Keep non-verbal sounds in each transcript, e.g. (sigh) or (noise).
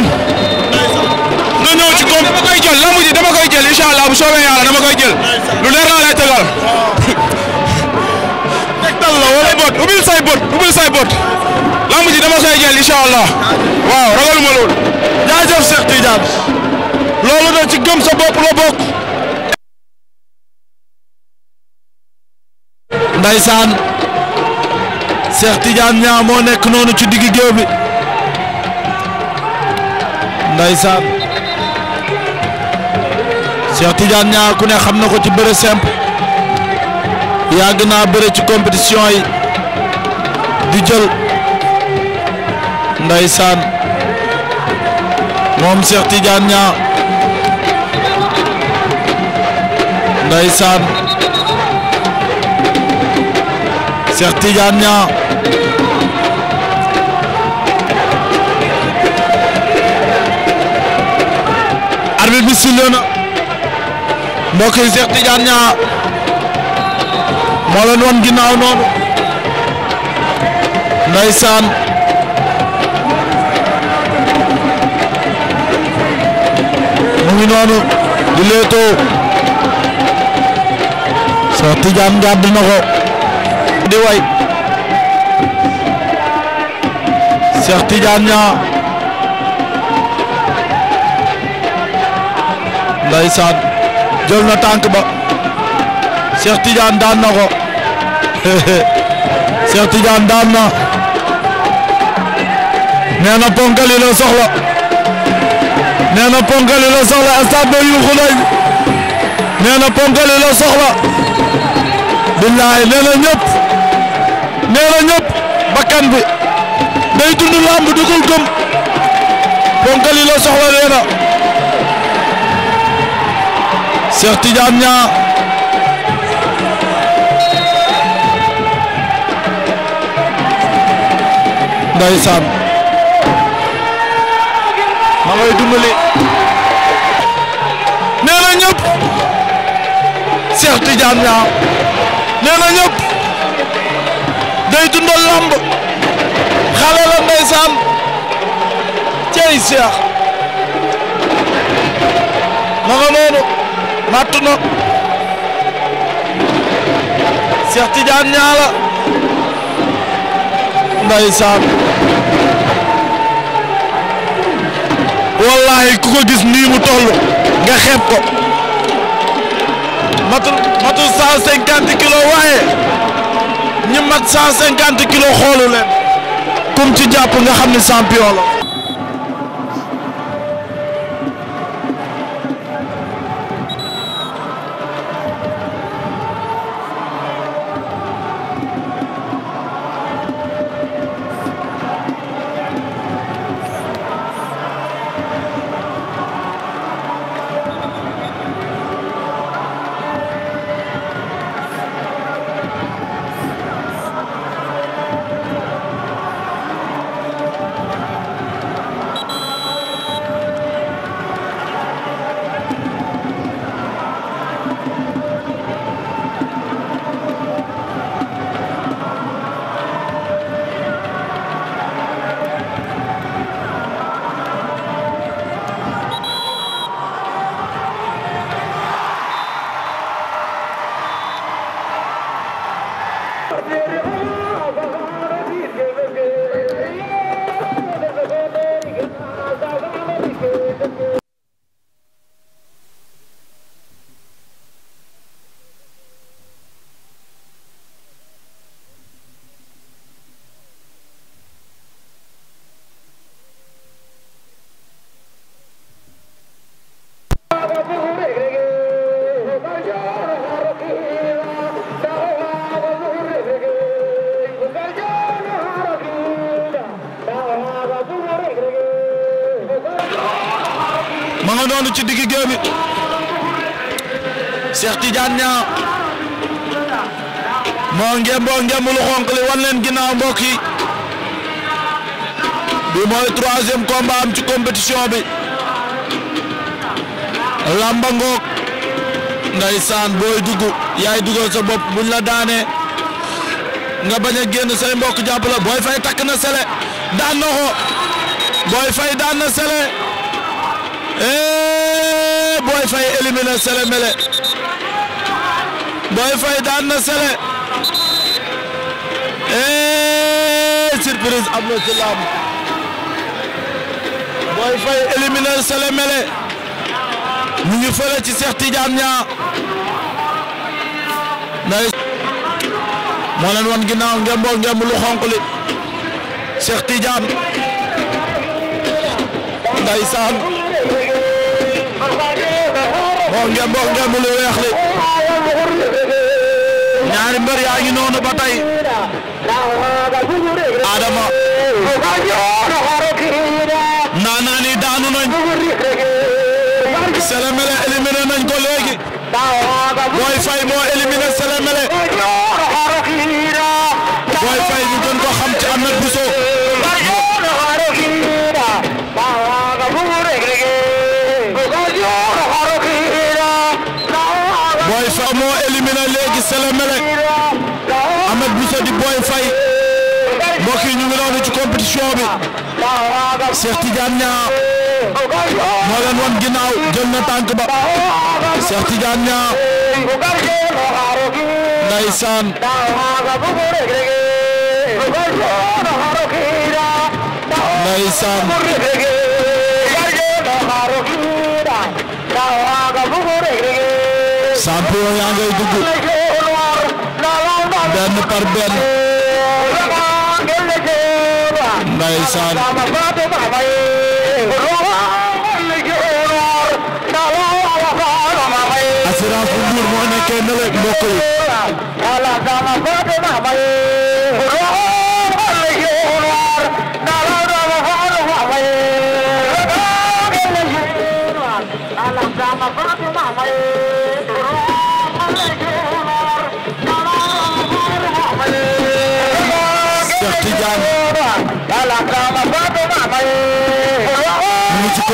ndam nga ñëw dama koy jël lamb ji dama koy jël lu leer laa lay tegal (laughs) tegtal la wala bot say bot ubbil say bot lamb ji dama koy jël incha allah waaw ragaluma loolu jaajëf Cheikh Tidiane loolu da ci gëm sa bopp la digg ndeysaan Cheikh Tidiane Niang ku ne xam na ko ci bëre simple yàgg naa bëre ci compétition yi di jël ndeysaan moom Cheikh tiijaan Niang ndeysaan Cheikh tiijaan Niang julloo na mbokk yi Cheikh Tidiane Niang moo noonu ndeysaan mu ngi di leetoo Cheikh Tidiane jàpp na ko di way Cheikh Tidiane Niang ndeysaan jël na tànk ba Cheikh Tidiane daan na ko (laughs) Cheikh Tidiane daan na nee na ponkali la soxla soxla stade ba yuuxu nañ nee soxla billaay nee na ñëpp nee na ñëpp lamb dugul gëm ponkali soxla nee Cheikh Tidiane Niang ndeysaan ma ngay dimbali nee na ñëpp Cheikh Tidiane Niang nee na ñëpp day dundal lamb xale la ndeysaan cey Cheikh ma nga noonu matt na Cheikh Tidiane Niang la ndeysaan wallahi ku ko gis nii mu toll nga xeeb ko matul matul cent cinquante kilos waaye ñi mat cent cinquante kilos xoolu leen ci jàpp nga xam ne champion la Thank you. ma nga noonu ci digg géew bi Cheikh Tidiane Niang moo ngemboo ngemb lu xonq li wan leen ginnaaw mbokk yi bi mooy troisième combat am ci compétition bi lamba ngoog ndeysaan booy dugg yaay duggal sa bopp buñ la daanee nga bañ a génn say mbokk jàpp la booy fay takk na sele daan na ko booy fay daan na sele ee eh, Boy Faye éliminer Sélé Mélé Boy daan na Sélé ee eh, surprise am na ci lamb Boy Faye éliminer Sélé Mélé ñu ngi fële ci Cheikh Tidiane Niang nay moo leen wan ginnaaw ngem boog ngem lu xonq li Cheikh Tidiane ndeysaan ko ngemb ngemb lu weex li ñaari mbër yaa ngi noonu ba tey Adama naanaan yi daanu nañ Sele Mele éliminé nañ ko léegi Boy Faye moo éliminé Sele yi ñu ngi noonu ci compétition bi Cheikh Tidiane Niang moo leen wan ginnaaw jël na tànk ba Cheikh Tidiane Niang ndeysaan ndeysaan champion yaa ngay dugg benn par benn ndeysaan assurance bu Mbour moo nekkee ne la mbokk yi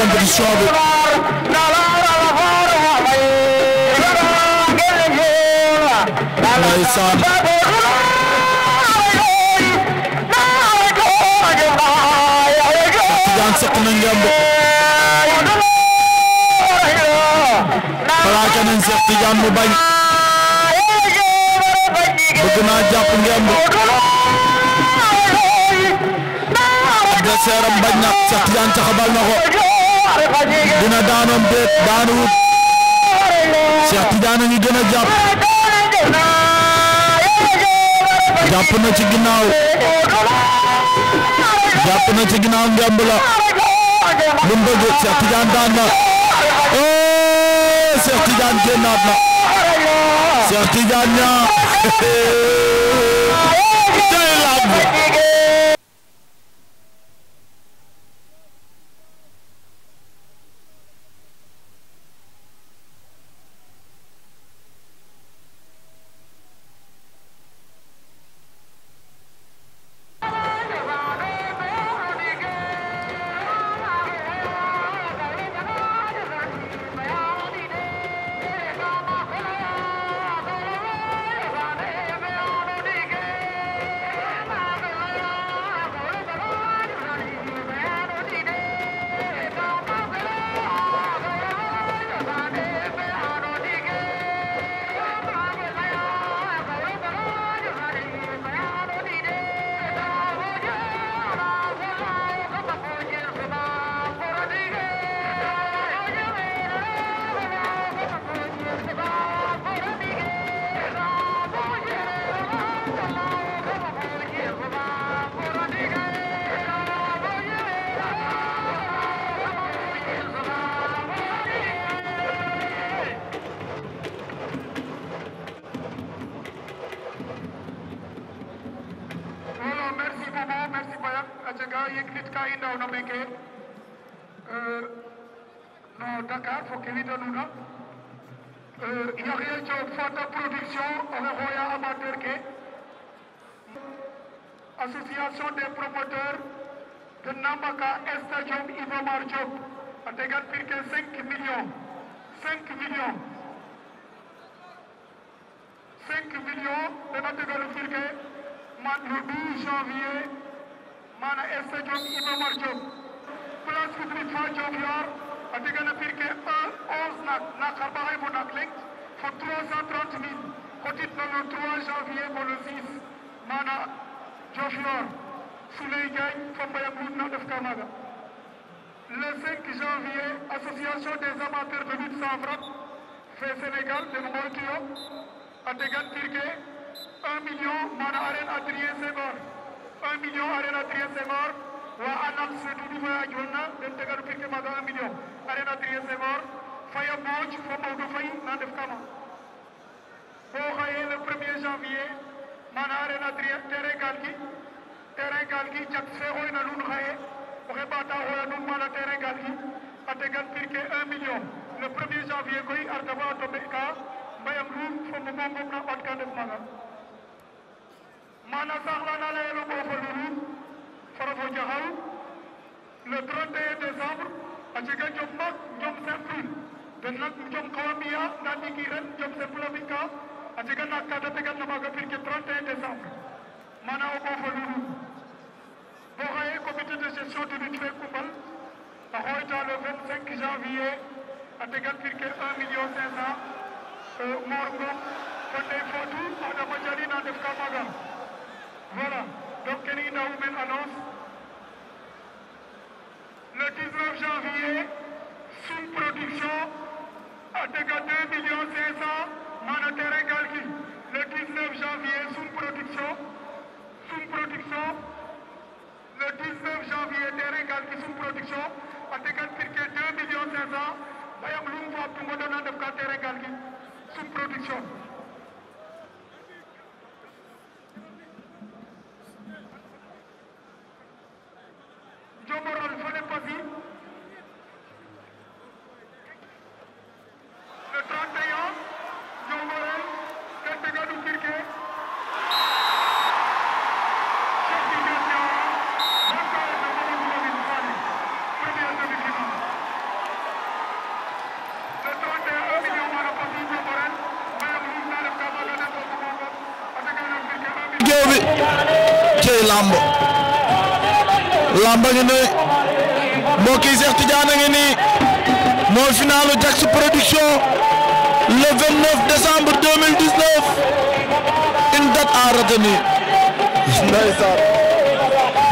compétition bi. sëq na ngemb plaqué nañ Cheikh Tidiane mu bañ bëgg naa jàpp ngemb adversaire am bañ na Cheikh Tidiane taxabal na ko dina daanoom déet daanuwut Cheikh Tidiane ngi gën a jàpp na ci ginnaaw jàpp na ci ginnaaw ngemb la lu mu daan na oh Cheikh Tidiane génnaat na Cheikh Tidiane (laughs) association des promoteurs de Nambaka Stadium Iba Mar Diop a tegal plus que 5 millions 5 millions 5 millions dana tegal plus que man le 12 janvier mana Stadium Iba Mar Diop place publique fa Diofior a tegal plus que 11 nak na xarbaxay fo nak leng fo 330 000 cotit na le 3 janvier bo le 6 mana Diofior Souley Diagne fo Mbaye Mbour na ndef ka le 5 janvier association des amateurs de lutte sans frappe fe Sénégal den ngoytuyo a tegan tirke 1 million mana arène Adrien Senghor 1 million arène Adrien Senghor wa anam sedudu fe a joona den teganu tirke maaga 1 million arène Adrien Senghor Faya Mbodj fo Maodo na ndef kama bo le 1 janvier manarena terrain galgi terrain galgi jak sexoy na nuun xaye oxe ɓata xoya nuun mana terrain galgi a tegan pir ke un million le premier janvier koy arta fa a tombe ka mbayam ruum fo mbumo ngom na ɓat ka ndef maga mana saxlana leyelo ɓofo lulu forofo jaxaw le 31 a jega jom maak jom simple den nak jom xawa mbiya nda jom simple a fi అతికన్నా కథపికన్న మాకు పిరికి ట్రంట్ అయితే మన ఒక్కొక్కరు Boraé, comité de gestion de l'Utfé Koumbal, a rejoint le 25 janvier, à Tegal Pirke 1 million 500, euh, Morgo, Fonday Fotou, Adama Jali, Nadef Kamaga. Voilà, donc Kenny Naoumen annonce lamba ngi ne mbokk yi Cheikh Tidiane ngi nii moo finalu Jax production le 29 décembre 2019 une date à retenir. ndeysaan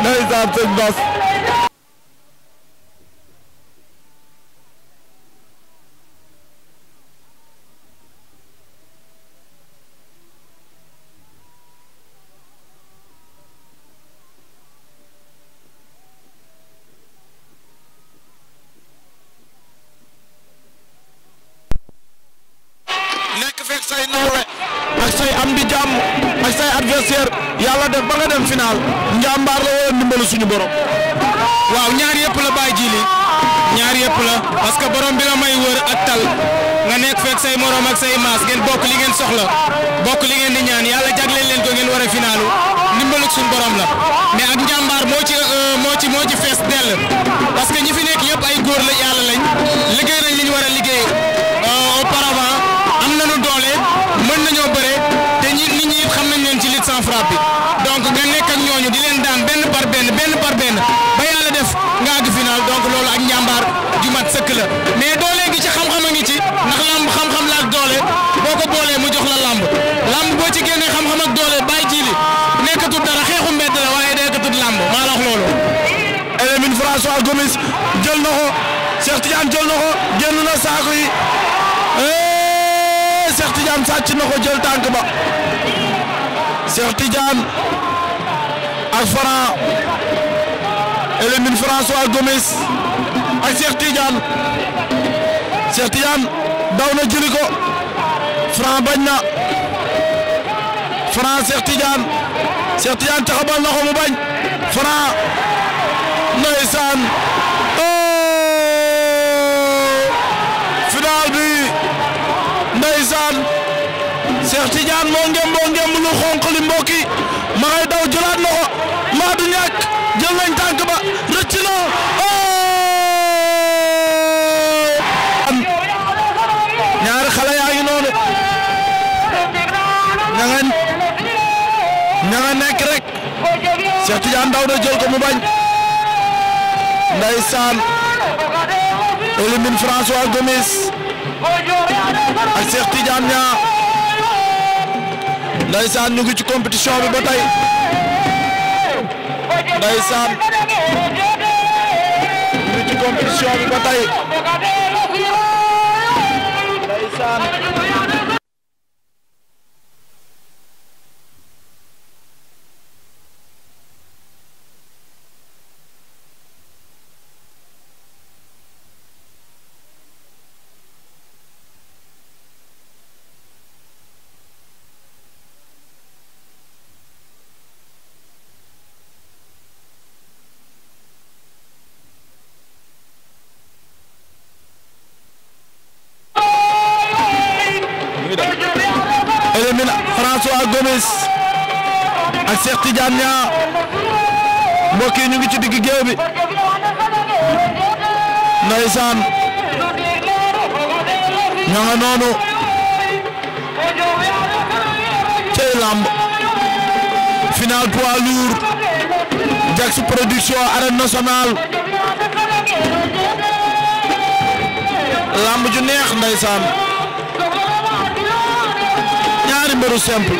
ndeysaan sëñ Bass waaw ñaar yëpp la bàyyi jili ñaar yëpp la parce que borom bi la may wër ak tal nga nekk fekk say morom ak say maas ngeen bokk li ngeen soxla bokk li ngeen di ñaan yàlla jagleel leen ko ngeen war a finaalu ndimbaluk suñu borom la mais ak njàmbaar moo ci euh, moo ci moo dell parce que ñi fi nekk yëpp ay góor la yàlla lañ liggéey nañ li ñu war a liggéey euh, auparavant am nañu doole mën nañoo bëre te ñi nit ñi it xam nañ leen ci lutte sans frappe dëgg mais doole gi ci xam-xam a ngi ci ndax lamb xam-xam la doole boo ko mu jox lamb lamb boo ci génnee xam-xam ak doole bàyyi ji li nekkatul dara xeexu mbedd la waaye nekkatul lamb maa la wax loolu. Elimine François Gomis jël na ko Cheikh Tidiane jël na ko génn na saako yi eh, Cheikh Tidiane sàcc na ko jël tànk ba Cheikh Tidiane ak Franc Elimine ak Cheikh Tidiane Cheikh daw na jëli ko bañ na Franc Cheikh Tidiane Cheikh Tidiane taxabal na ko mu bañ Franc ndeysaan oh! final bi ndeysaan Cheikh Tidiane moo ngem moo ngem lu xonq li mbokk ma ngay daw jëlaat na ko maa du ñàkk jël nañ tànk ba Tidiane daw na jël ko mu bañ ndeysaan élimine François Gomis ak Cheikh Tidiane Niang ndeysaan ñu ngi ci compétition bi ba ci compétition bi ba Tidiane Niang mbokk yi ñu ngi ci digg géew bi ndeysaan ña nga noonu cey lamb final poids lourd Diaks production arène nationale lamb ju neex ndeysaan ñaari mbëru simple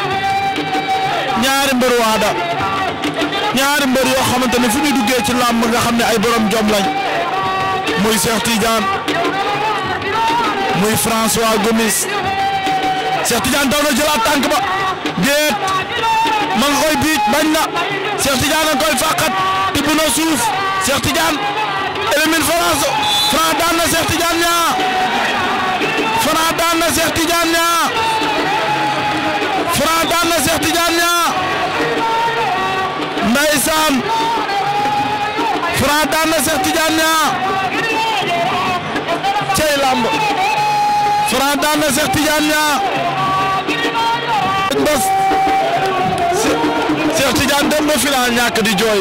ñaari mbëru waada ñaari mbër yoo xamante ne fu ñu duggee ci làmb nga xam ne ay borom jom lañ muy Cheikh Tidiane muy François Gomis Cheikh Tidiane daw na jëlaat tànk ba déet man nga koy biit bañ na Cheikh Tidiane nga koy suuf Cheikh Tidiane élimine France Franc daan na ñaa ndeysaan Franc daan na Cheikh Tidiane Niang cey lamb Franc daan na Cheikh Tidiane Niang bas Cheikh Tidiane dem ba final ñàkk di jooy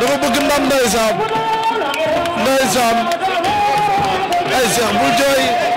dafa bëgg ndam ndeysaan ndeysaan jooy